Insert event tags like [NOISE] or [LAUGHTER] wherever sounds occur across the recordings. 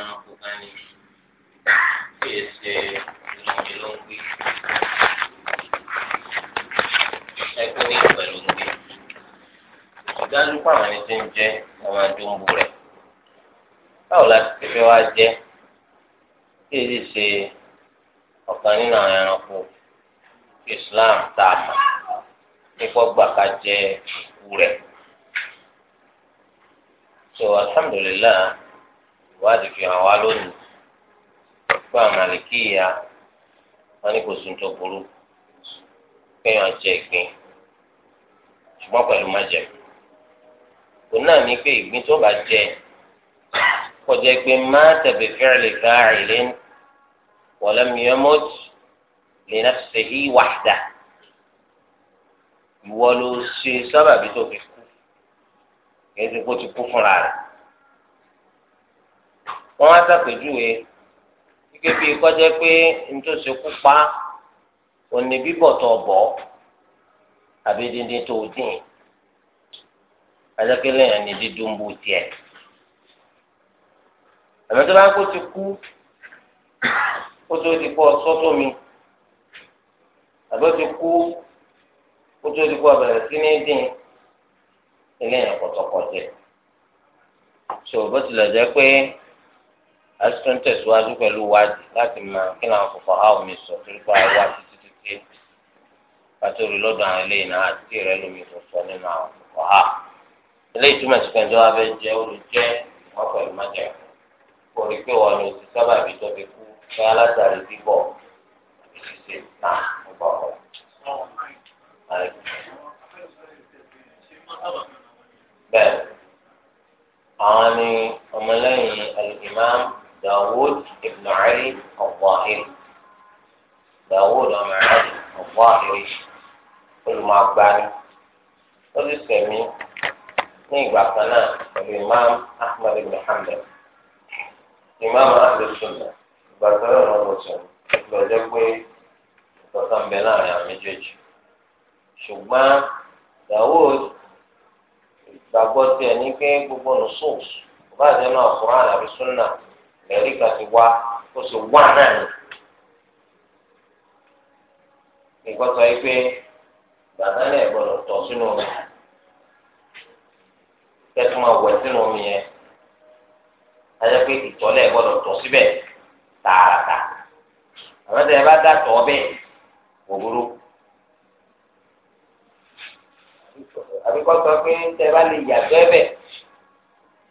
ẹranko kan ní kí ẹ ṣe inú mi ló ń gbé ẹgbẹ́ ní pẹ̀lú ń gbé ìdájú pàmò ẹni tí ń jẹ ọmọ adúmbò rẹ báwo la ti fẹ́ wá jẹ kí ẹ ṣe ọ̀kan nínú àwọn ẹranko Islam tá a mọ̀ nípa ọgbà ká jẹ òkú rẹ̀ so alhamdulilayi ìwádìí fi hàn wá lónìí fún àmàlìkíyà wọn ní kò sùn tó burú kéèyàn jẹ ìgbín ṣùgbọ́n pẹ̀lú májẹ̀ òun náà ní pé ìgbín tó bá jẹ kọjá pé má tẹ̀bí fẹ́rẹ̀lì fáàrìlẹ́ wọlé miyamot lè náà ṣe hí wàdà ìwọ ló ṣe sábàbí tó fi kú kí ẹ ti kó ti kú fúnra rẹ̀ wọ́n á sàpèjúwe gẹ́gẹ́ bí kọjá pé nítòsí pa òní bíbọ̀ tó àbí dídín tó dín adákẹ́lẹ́ yẹn ní dídùn bó tiẹ̀ àmọ́ tó bá kó ti kú kó tó ti kú ọsọ́tọ̀ àbí ó ti kú kó tó ti kú ọbẹ̀rẹ̀ sí ní dín eléyàn kọ̀tọ̀kọ̀tẹ̀ so bó tilẹ̀ jẹ́ pé asitun tẹ̀síwájú pẹ̀lú wádìí láti mọ kí ni àwọn fòfò àwọn mi sọ torí pé àwa títí títí pàtó rí lọ́dọ̀ àwọn eléyìí náà àti rẹ lómi sọsọ nínú àwọn fòfò ha eléyìí túmọ̀ sí pé ìjọba bẹ jẹ́ olùjẹ́ wọn pẹ̀lú májẹ̀ kò rí pé wọn lò sí sábàbí tó fi kú fẹ́ alátàrí bíbọ̀ gbàgbọ́ tiẹ̀ ní pé gbogbo nùsùs bá jẹ́ náà Qur'an àbí súnà ẹ̀rí kan ti wá ó sì wá náà ni. ìgbọ́tọ̀ yìí pé bàbá náà gbọ́dọ̀ tọ̀ sínú omi tẹ́tùmá wẹ̀ sínú omi yẹn ayẹ́ pé ìtọ́lẹ̀ gbọ́dọ̀ tọ̀ síbẹ̀ tààràtà àmọ́ tẹ́ ẹ bá dà tọ́ bẹ́ẹ̀ kò burú. kọ́ sọ pé tẹ bá lè yàgbẹ́ ẹ̀bẹ̀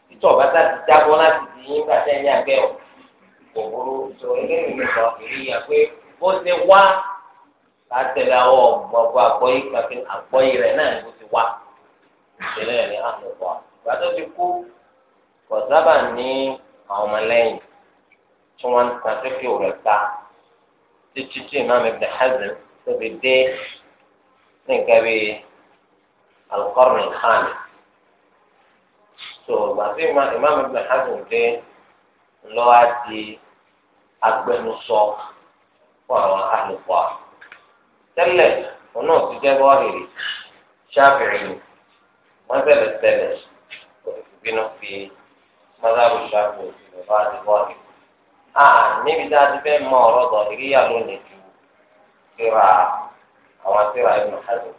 títọ̀ bá sá ti jábọ́ láti di yín bá tẹ̀ ní àgbẹ̀ ọ̀ kò burú tó eléyìí ní sọ èyí yà pé bó ṣe wá látẹ̀lé àwọ̀ gbọ̀gbọ̀ àgbọ̀yé kàfé àgbọ̀yé rẹ̀ náà ni bó ti wá ìṣẹ̀lẹ̀ ní àmọ̀gbọ̀ ìgbà tó ti kú kò sábà ní àwọn ọmọlẹ́yìn tí wọ́n ń ta tó kí ò ta títí tí ìmáàmù Ibn alukọrin hàní tó gbàtí ìmáàmù ibn Hazm dé lọ́wọ́ di agbẹnusọ fún àwọn àlùfọ́ tẹ́lẹ̀ wọn náà ti jẹ́ bọ́ọ̀lì ṣáfìrì wọn tẹ̀lẹ̀ tẹ̀lẹ̀ òfìfínú fi mọ́tàbù ṣáfìrì bàbá àti bọ́ọ̀lì a níbi tá a ti fẹ́ mọ ọ̀rọ̀ dọ̀ríyà lónìí ju síra àwọn síra ibn Hazm.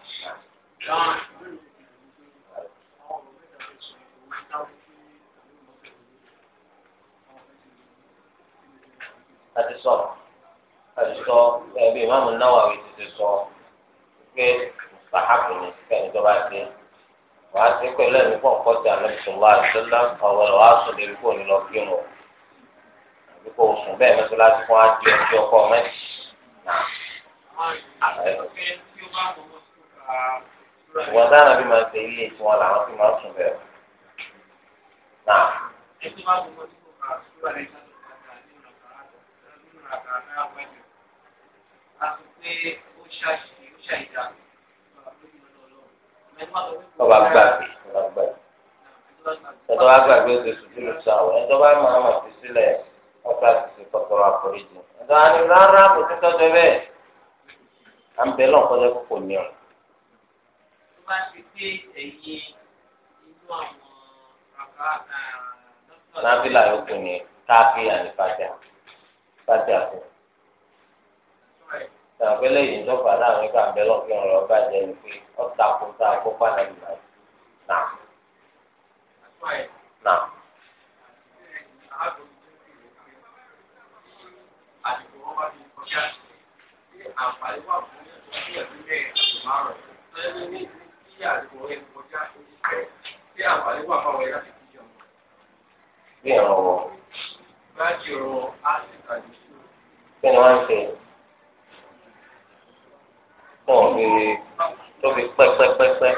láti sọ láti sọ ẹbí ìmáàmù Nawawi ti ti sọ pé sàhábù ni kẹ́ni tó bá dé wàá sí pẹ̀lú ẹ̀mí pọ̀ nǹkan tí àná sùn wá àṣẹlá ọ̀rọ̀ rẹ̀ wàá sùn lórí kò ní lọ kí wọn àbí kò sùn bẹ́ẹ̀ mẹ́tọ́ láti fún ájú ọjọ́ ọkọ mẹ́tì náà ìwọ dáná bí máa ń ṣe ilé tí wọn làwọn fi máa ń sùn bẹ̀rù. náà. ọba gbàgbé ọba gbàgbé ẹtọ́ wa gbàgbé oṣù sùdúrù sáwọ ẹtọ́ wa máa ma fi sílẹ̀ ọba ti fi kọ́kọ́rọ́ àforíjì ẹtọ́ wa ní rárá kò sí tọ́jú bẹ́ẹ̀ à ń bẹ lọ́kọ́jọ́ kò ní ọ̀rọ̀ bá ti pé ẹ̀yìn inú àwọn àkàrà nàbílà yòókù ni káàkiri àti fàjà fàjà kù tàbílẹ̀ yìí tó fà láwọn ìgbà bẹ́lọ̀ kí ọ̀rọ̀ ọba jẹ́ ni pé ọ̀tà kó tá a kó pa nà. nà kí àsìkò ẹni bí ọ̀rọ̀ wọ. ṣe. kí wọ́n fi tó fi pẹ́pẹ́pẹ́pẹ́.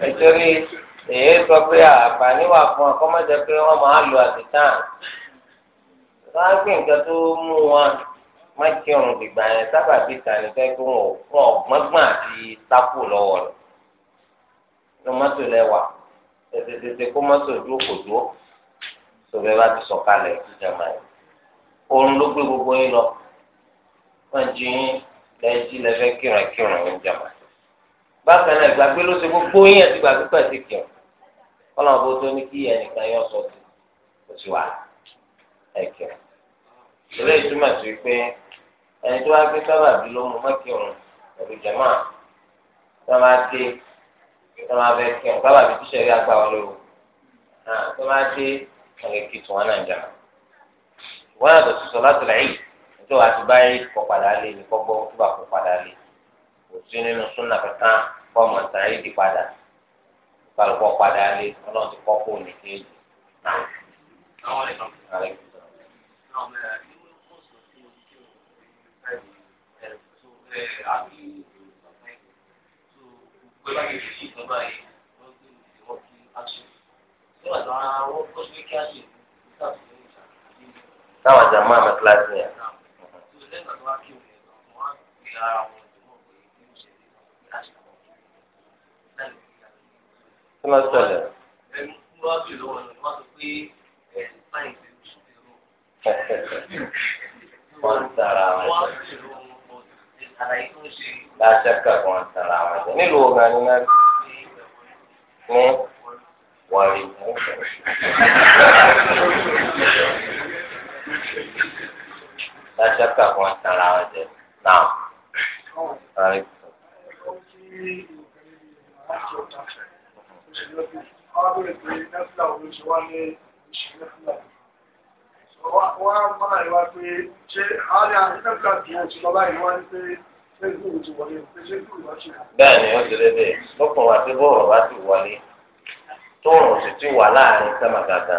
nítorí èyí sọ pé àǹfààní wà fún akọ́mọ́jẹ pé wọ́n máa lo àtìtàn. wọ́n nǹkan tó mú wọn má kí ọrùn dìgbà yẹn sábà bí tani fẹ́ kó wọn fún ọgbọngbọn àti sápò lọ́wọ́ rẹ̀ ní mọ́tò lẹ́wà tètè kó mọ́tò dúró kò dúró sọgbẹ bá ti sọ̀kalẹ̀ ìjàmbá yẹn oorun ló gbé gbogbo yín lọ wọn jí yín lẹjí lẹfẹ kírun kírun yín jàmbá bákan náà ìgbàgbé ló ṣe gbogbo yín àti ìgbàgbé pẹ̀sì kírun kọ́lọ́n bó tó ní kí ẹnìkan yọ sọ sí oṣù wa ẹ̀ kírun ìrẹ́ ìtumọ̀ sí pé ẹni tó wá gbé sábàbí ló mú mọ́kìrún pẹ̀lú jẹ̀mọ́ ah, tó máa dé tó máa bẹ kírun sábàbí tíṣẹ́ rí agbá wọlé o tó máa dé kàlẹ́kì tó wọn náà jẹ̀mọ́. ìwọ́n yàtọ̀ sí sọ láti rẹ̀ yìí nítorí wàá ti bá yẹ kọ́ padà lé ní kọ́ tó bá kọ́ padà lé kò sí nínú súnà kankan kọ́ ọmọ ìtàn yìí di padà kọ́ padà lé ọlọ́run ti kọ́ kó o ní kéèjì. pé bá yẹ fífi ìpín báyìí wọ́n gbé ìdí wọ́n kí action nígbà tó ara wọ́n kó sí kí action nígbà tó ní ìjà àti ìlú. táwọn àjà máa mọ kíláàsì yẹn. tó lẹ́yìn àti wá kí òun yẹn lọ wọ́n á ara wọn ìdùnnú pé kí ó ṣe lè lọ sí action wọn. kí ló á bìí lọ́wọ́ ni wọ́n sọ pé ẹ̀ [LAUGHS] láṣẹ kẹkọọ ntara wọn jẹ nílùú ọgá ni wọn ní wàrí mú. láṣẹ kẹkọọ ntara wọn jẹ náà. Wọ́n á máa ń wá pé ṣé àárẹ̀ àti nẹ́fìlà ti wọ́n ti lọ báyìí wọ́n ń pè bẹ́ẹ̀ ni ó ti lé dé lókun àti bọ́ọ̀rọ̀ bá ti wọlé tóòrùn sì ti wà láàrin sẹ́mà gàgà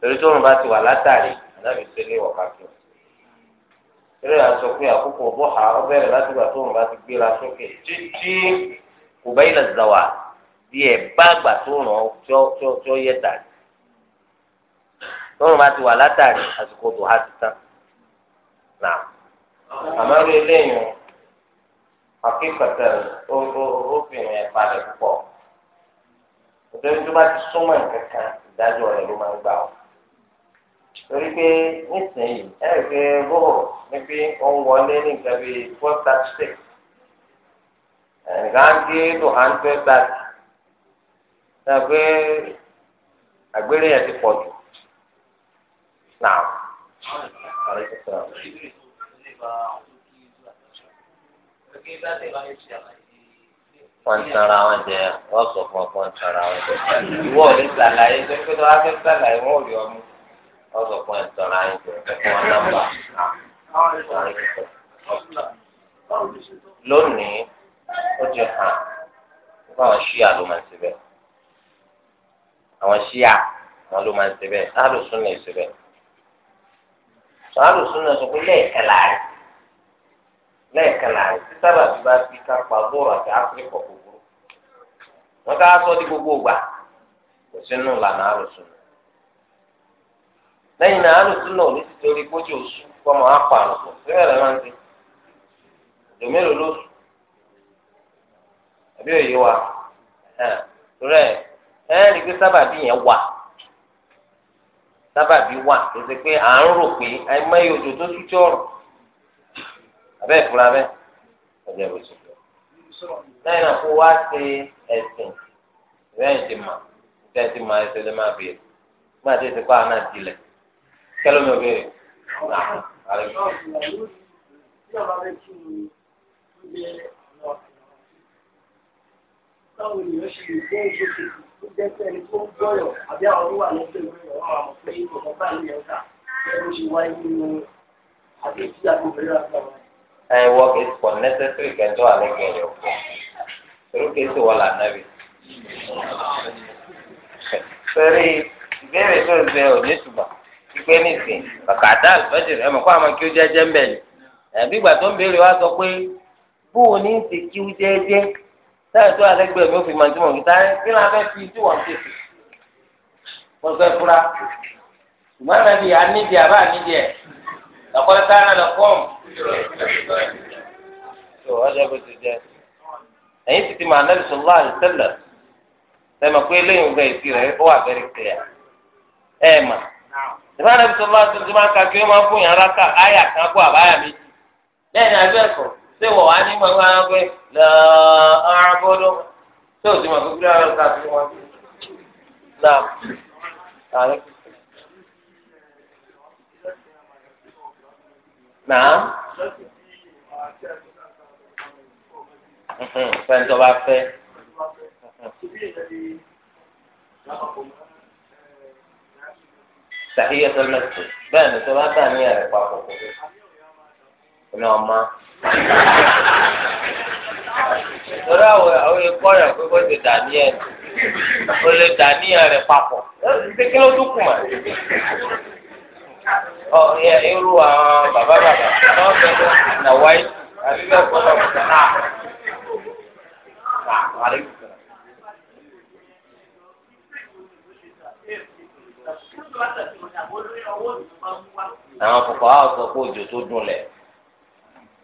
torí tóòrùn bá ti wà látàrí ànábì sílé wọ̀kàkì eré àṣọ pé àkókò bọ́hà ó bẹ̀rẹ̀ láti gbà tóòrùn bá ti gbéra sókè títí kò bá ilẹ̀ zàwà bí ẹ̀ bá gbà tóòrùn tí ó yẹ dàrí tóòrùn bá ti wà látàrí àsìkò bọ́hà ti tán àmọ́ rí eléyìí akíkọ̀tà obìnrin ẹ̀ balẹ̀ púpọ̀ òtẹ́bí tó bá ti súnmọ́ nǹkan kan ìdájọ́ rẹ̀ ló máa ń gbà ọ́ torí pé nísìnyí ẹ̀ rí pé bóhò ní pé ó ń wọlé ní nǹkan bíi four thirty six nǹkan dé tó hundred thirty náà pé àgbélé yẹn ti pọ̀ jù wọ́n ń tanra wọn jẹ wọ́n sọ fún ọ pé wọ́n ń tanra wọn jẹ ìwọ ò ní sàlàyé tó ń pẹ́ tó wá fẹ́ sàlàyé wọ́n ò rí ọmú wọ́n sọ fún ẹ̀ ń tanra wọn jẹ fún wọn nọ́mbà lónìí ó ti hàn nípa àwọn ṣíà ló máa ń ṣe bẹ́ẹ̀ àwọn ṣíà wọn ló máa ń ṣe bẹ́ẹ̀ sáàlùsùn náà ṣe bẹ́ẹ̀ sáàlùsùn náà sọ pé lẹ́ẹ̀kẹ́ láàrin. lẹ́ẹ̀kan náà tí sábà ti bá fi kápá àti áfíríkà gbogbo wọn ká sọ di gbogbo gbà kò sínú lànà lẹ́yìn náà náà ní ti kójú oṣù kọ́mọ apá máa ń àbí òye wa ẹ ẹ rí i pé sábàbí yẹn wà sábàbí wà pé à ń rò pé òjò abẹ́ ìfura bẹ́ẹ̀ ọjọ́ ìwé sọ lẹ́yìn náà kó wá ṣe ẹ̀sìn lẹ́yìn tí mà lẹ́yìn tí mà ẹsẹ̀ lè má bèèrè nígbà tí ìsìnkú àná dilẹ̀ kẹ́lọ́ mi ò bèèrè náà àlẹ́ mi. Báwo ni o ṣe lè gbé ìgbésẹ̀ tó jẹ́ pé ẹni tó ń gbọ́yọ̀ àbí àwọn tó wà lọ́sẹ̀ ìwé ìwọ̀n àwọn ọmọ pé ìgbọ̀ngàn báyìí ni ọ̀gá ẹ̀rọ ṣe wáyé nínú àbí ìdílé àbí ìbẹ̀rẹ̀ àti I eh, work is for necessary can do ale ke yo irú kesi wọ sori ìbéèrè tó ń bẹ òní tùbà ìgbé nìsín kàkàtà àlùfẹ́jì rẹ̀ mọ̀ kó àwọn kí ó jẹ́jẹ́ ń ni ẹ̀bí gbà tó ń béèrè wá sọ pé bóun ní ti kí ó jẹ́jẹ́ táyà tó àlẹ́gbẹ̀ẹ́ mi ò fi màjú mọ̀ kí ló fi tí ti fi fura anídìí lọ́kọ́ sáyẹn lọ kọ́ tó ọjọ́ bó ti jẹ ẹ̀yin ti ti mọ anabi sọlá àdìsẹ́lẹ̀ sẹ́mi pé eléyìí ń gba èsì ka náà mhm. fẹ́ntọ́ bá fẹ́. sàkíyẹ tó lẹsẹ bẹ́ẹ̀ ni tó bá bá ní ẹrẹ papọ̀ ní ọmọ. lórí àwọn àwọn ikọ́ rẹ̀ pé kó ti o lè dà ní ẹrẹ papọ̀. ṣé kí ló dúkùn mọ́? Oh, irú àwọn bàbá bàbá náà fẹ́ẹ́ nàwáyé àbí bẹ́ẹ̀ kọ́ lọ́wọ́ náà. àwọn kòkò àwọn sọ pé òjò tó dùn lẹ̀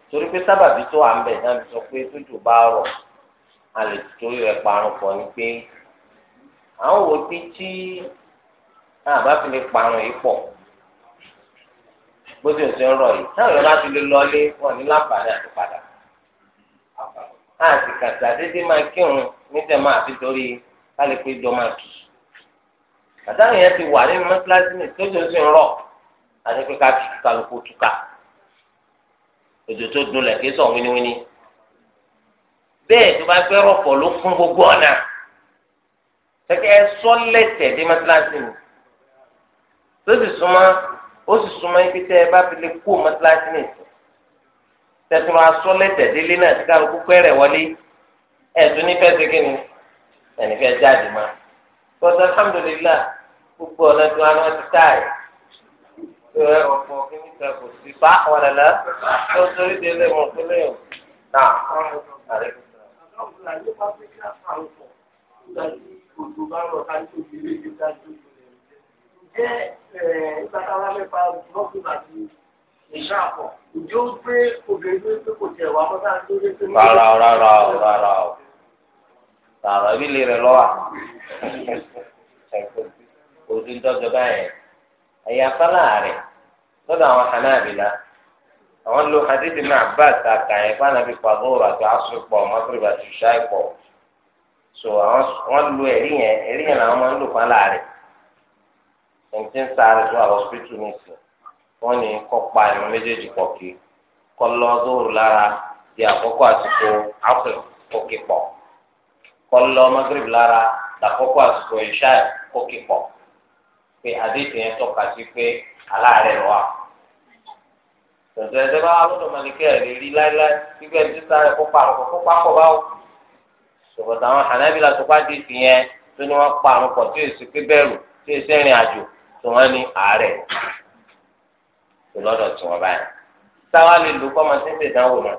torí pé sábàbí tó à ń bẹ̀ náà sọ pé tójò bá rọ̀ a lè torí rẹ̀ parun pọ̀ ni pé àwọn òbí tí àbá fi lè parun yìí pọ̀ bó ti ṣe ń rọ yìí táwọn èèyàn bá ti lè lọlé wọn ní láǹfààní àti padà àti kàtà dédé máa kírun nítẹ̀mọ́ àfi torí kálípé jọ máa kì í àtàwọn èèyàn ti wà nínú mọ́tíláṣí ní tójú sí ń rọ àti pé ká kálukú túká òjò tó dunlẹ̀ kí sọ̀ wíníwíní bẹ́ẹ̀ tó bá fẹ́ rọ̀pọ̀ ló fún gbogbo ọ̀nà kẹ́kẹ́ sọ́lẹ̀tẹ̀ dé mọ́tíláṣí ni tó sì súnmọ́ ó sì súnmọ́ ibi tẹ́ ẹ bá fi lè kó mọ́tíláṣí nìsín tẹ̀sán asọ́ lẹ́tẹ̀délé náà ti kálukú pẹ́rẹ̀ wọlé ẹ̀sùn nífẹ̀ẹ́ sí kí ni ẹ̀nìfẹ́ jáde má bọ́sẹ̀ alhamdulilá gbogbo ọ̀nà tó wà náà ti táyì ẹ ọ̀pọ̀ kìíní kan kò sí bá ọ̀rẹ́ lẹ́ tó sórí délé mọ̀ tó léyìn náà àrẹ. Àwọn ọ̀gá jẹ́ ìgbàkáwá mẹ́fà lọ́sùn àti ìṣàpọ̀ ìjọ ń pé obìnrin tó kò tẹ̀ wá mọ́tà tó lé tó ní. rárá o rárá o rárá o rárá ibi lè rẹ lọ́wọ́ òdi ń tọ́jú báyẹn ẹ̀yà sálà rẹ̀ lọ́dọ̀ àwọn Hanabila àwọn lo hadithi náà bá àtàkà yẹn fún anabi pàgọ́rọ̀ àti asopọ̀ mọ́tòrìbà ti ṣáìpọ̀ so àwọn lo ẹ̀rí yẹn ẹ̀rí yẹn làwọn máa ń lò fún ẹnití ń sáré tó àwọn hospital nìsín wọn ní kọpa ẹnu méjèèjì pọkì kọlọ dóòrù lára di àkókò àsìkò apẹ pọkì pọ kọlọ magrib lára dàkókò àsìkò ìṣáì pọkì pọ pé àdéhùn yẹn tọ́ka sí pé aláàárẹ̀ wà tẹ̀sẹ̀ ẹ̀dẹ́ bá lọ́dọ̀ mọ̀lẹ́kẹ́ rẹ̀ rí láíláí gbígbẹ́ ní títà rẹ̀ kópa àrùn kópa pọ̀ báwò. ṣòkòtà àwọn hànábìlà tó bá dé sí yẹn tó ní wọ́n pa àrùn pọ̀ tí èsì pé bẹ́ẹ̀rù tí èsì rìn àjò tí wọ́n ní àárẹ̀ tó lọ́dọ̀ tí wọ́n báyìí sáwá lè lu kọ́ máa ti ń ṣe ìdánwò náà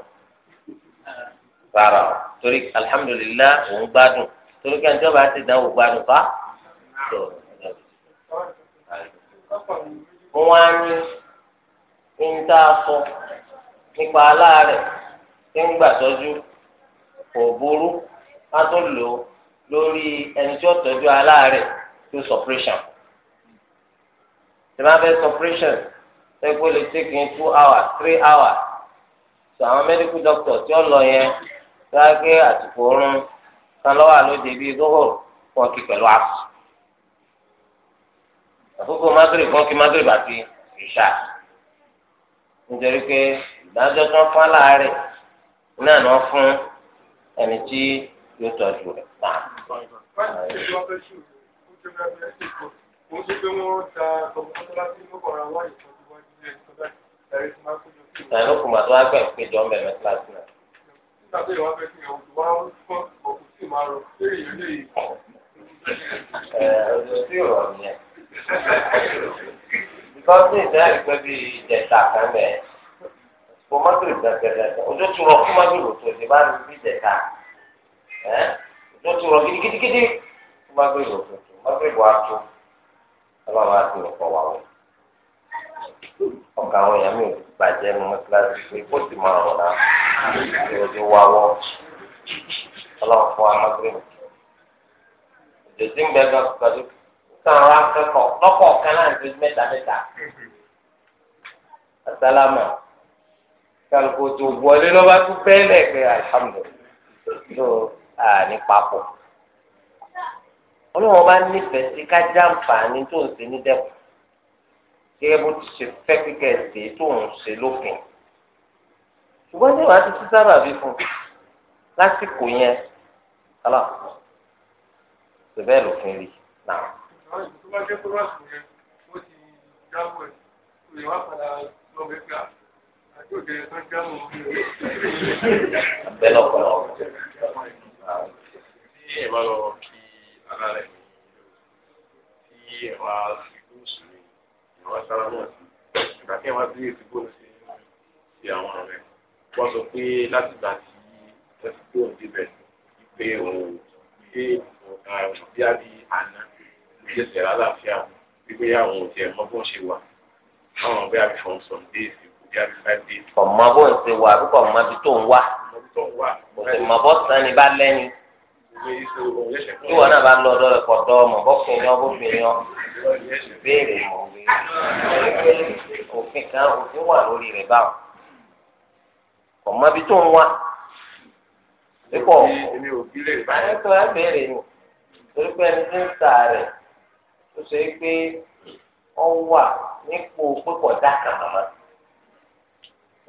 rárá o torí alihamudulilayi òun gbádùn torí kí ẹjọ́ bá ti dánwò gbádùn fa tó wọ́n á ní ń tá a sọ nípa aláàárẹ̀ tí ń gbà tọ́jú kò burú á tó lò lórí ẹni tọ́jú aláàárẹ̀ tó sọpírẹ́ṣàn tẹ̀lé abẹ́ operation tẹ́gbẹ́ lè take in two hours three hours so àwọn medical doctor tí ó lọ yẹn gbáàgé àtìkò oorun kan lọ́wọ́ àlóde bíi gbóhò fún ọkì pẹ̀lú àpò àkókò magrib fún ọkì magrib àti ìṣá nítorí pé ìdájọ́ tán fún aláàárẹ̀ náà ni wọ́n fún ẹni tí yóò tọ́jú rẹ̀ náà mo ń ṣe pé wọ́n ta ọmọ tó bá ti ń bọ̀ ra wọ́n ìtọ́jú wọ́n ní ilé ìtọ́jú ẹ̀rí tí máa ń kójú sí. ìlànà òkùnbà tó wá gbẹ̀ ń péjọ ń bẹ̀rẹ̀ kíláàsì náà. nígbà tó yẹ wá fẹ́ kí ẹ̀ òkú wá ń fọ́ òkú sí máa rọ lórí ìlú lè yìí. ọ̀dọ̀ sí ọ̀rọ̀ yẹn. bíkọ́sì ìdá ìgbẹ́ bíi ìjẹta kan bẹ̀ kò mọ́tò ìdàgbẹ̀dàgbẹ̀ ojú tó rọ fún mọ́tò lòtò ìdí bá rí bí ìjẹta ojú tó rọ gidigidigidi fún mọ́tò lòtò mọ́tò ìbò àtò ọlọ́run wá sí ọ̀pọ̀ wà wọ̀ ọ̀gá àwọn èèyàn mi bàjẹ́ ní mọ́tíláṣí pé kó sì máa rọ̀ náà kí ojú wá wọ́ ọlọ́run fún wa mọ́gírìn ìdòtí ń bẹ gan pẹ̀lú sáà wá kẹ́kọ̀ọ́ lọ́kọ̀ kan náà ti mẹ́ta mẹ́ta asálámà kálukú tó wọlé lọ́ba tó bẹ́ẹ̀ lẹ́ẹ̀kẹ́ alihamudulilayi tó a ní papọ̀ ọlọ́wọ́n bá nífẹ̀ẹ́ sí ká já nfààní tó ń ṣe ní dẹ́kun gẹ́gẹ́ bó ti ṣe fẹ́ kíkẹ́ ṣe tó ń ṣe lófin ṣùgbọ́n tí wàá ti ti sábà bí fún lásìkò yẹn kálá ṣe bẹ́ẹ̀ lófin rí náà. àwọn ìṣòro wájú tó wà sí yẹn ó ti dáwọ́ ẹ̀ kò lè wá padà lọ bẹ́ẹ̀ lọ́pọ̀lọpọ̀ ẹ̀ wá sí gúúsù ni ìwà sára náà sí ìgbà tí ẹ̀ wá sí èsì gbòòrò sí sí àwọn ọ̀rẹ́ wọ́n sọ pé láti gbà tí ẹ̀sìn tó ń débẹ̀ pé òun gbé ọ̀rọ̀ bí a bí àná lóye sẹ̀rẹ̀ aláàfíà wípé àwọn ò tiẹ̀ mọ́ bọ́n ṣe wà àwọn bí a bí fọ́n sọ̀n déèsì bí a bí five days. ọ̀mọ́ bó ń ṣe wà àbúkọ̀ ọ̀mọ́ bí tó ń wà ọ̀mọ́ bí tó ń wà. òkè mọ̀ bọ́ sàn ni bá lẹ́ni tí wọn náà bá lọ ọ̀dọ̀ rẹ̀ pọtọ ọmọ bọkùnrin ọ bóbìnrin ọ béèrè mọ òfin kan òfin wà lórí rẹ̀ báwọn ọmọ ibi tó ń wá pípọ̀ àyẹ̀tọ̀ ẹ béèrè ni torí pé ẹni tí ń ta rẹ̀ tó ṣe pé ọ wà nípò pípọ̀ dákà màmá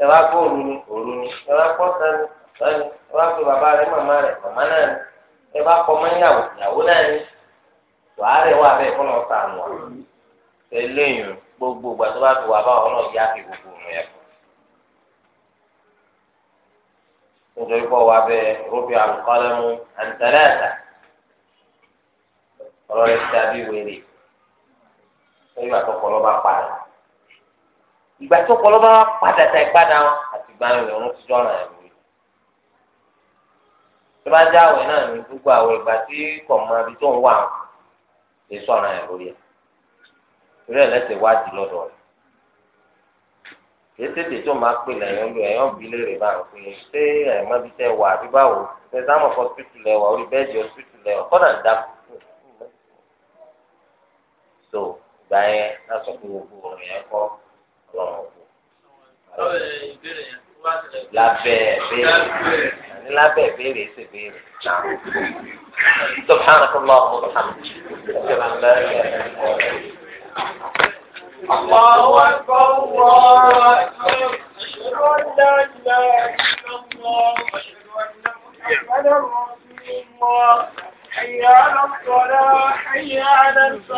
ẹ wá gbọ́ òru òru ni ẹ wá gbọ́ sani sani ẹ wá gbọ́ bàbá rẹ̀ màmá rẹ̀ màmá náà ni ẹ bá kọ mọ́ ìyàwó náà ni wàhálẹ̀ wà bẹ́ẹ̀ fún ọ̀sà àwọn eléyìn gbogbo ìgbà tó bá fi wà bá ọ̀nà ìyá fi gbogbo ọ̀nà yẹn fún nítorí pọ̀ wà bẹ́ẹ̀ rúbì àlùkọ́lẹ́mù àǹtẹ̀lẹ́ẹ̀ta ọ̀rọ̀ rẹ̀ ti dàbí wèrè nígbà tó kọ́ ló bá padà ìgbà tó kọ́ ló padà tá ìpadà àti ìgbà yẹn lòún ti jọ́ràn ẹ̀mí tó bá àwẹ̀ náà ní gbogbo àwẹ̀ ìgbà tí kò mọ ibi tó ń wà ń lè sọ̀rọ̀ ẹ̀ lórí ẹ̀ torí ẹ̀ lẹ́sẹ̀ wádìí lọ́dọ̀ rẹ̀ ètètè tó máa pè lẹ́yìn olú ẹ̀yàn bí léèrè bá ń pè ṣé ẹ̀mọ́ bí tẹ́ wà àbí báwo ṣe sáwọn hospital lẹ́wà orí bẹ́ẹ̀dì hospital lẹ́wà kọ́nà ń so ìgbà yẹn lásán kó gbogbo ọ̀rọ̀ yẹn kọ́ ọlọ́run kù. ìbéèrè yẹn. lábẹ́ béèrè lábẹ́ béèrè béèrè سبحانك اللهم وبحمدك الله أكبر الله أكبر أشهد أن لا إله إلا الله أشهد أن محمدا رسول الله حي على الصلاة حي على الفلاح